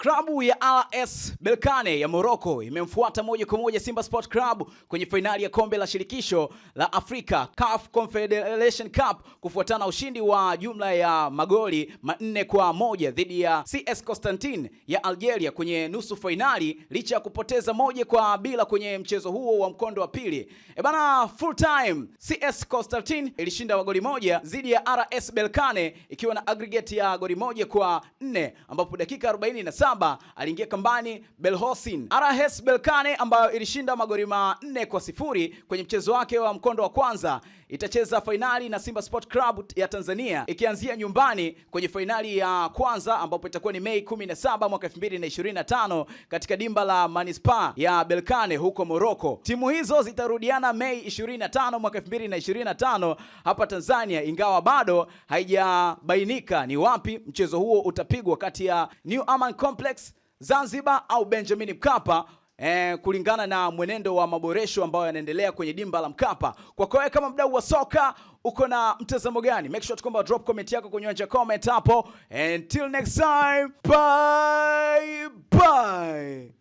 Klabu ya RS Berkane ya Morocco imemfuata moja kwa moja Simba Sport Club kwenye fainali ya kombe la shirikisho la Afrika CAF Confederation Cup kufuatana ushindi wa jumla ya magoli manne kwa moja dhidi ya CS Constantine ya Algeria kwenye nusu fainali licha ya kupoteza moja kwa bila kwenye mchezo huo wa mkondo wa pili. E bana, full time CS Constantine ilishinda magoli moja dhidi ya RS Berkane ikiwa na aggregate ya goli moja kwa nne ambapo dakika 47 saba aliingia kambani Belhosin RS belkane ambayo ilishinda magoli manne kwa sifuri kwenye mchezo wake wa mkondo wa kwanza itacheza fainali na Simba Sport Club ya Tanzania ikianzia nyumbani kwenye fainali ya kwanza ambapo itakuwa ni Mei 17 mwaka 2025 katika dimba la manispa ya belkane huko Morocco. Timu hizo zitarudiana Mei 25 mwaka 2025 hapa Tanzania, ingawa bado haijabainika ni wapi mchezo huo utapigwa kati ya New Aman Comp Complex Zanzibar au Benjamin Mkapa. Eh, kulingana na mwenendo wa maboresho ambayo yanaendelea kwenye dimba la Mkapa. Kwa kwa kama mdau wa soka uko na mtazamo gani? Make sure tukomba drop comment yako kwenye uwanja comment hapo. Until next time. Bye bye.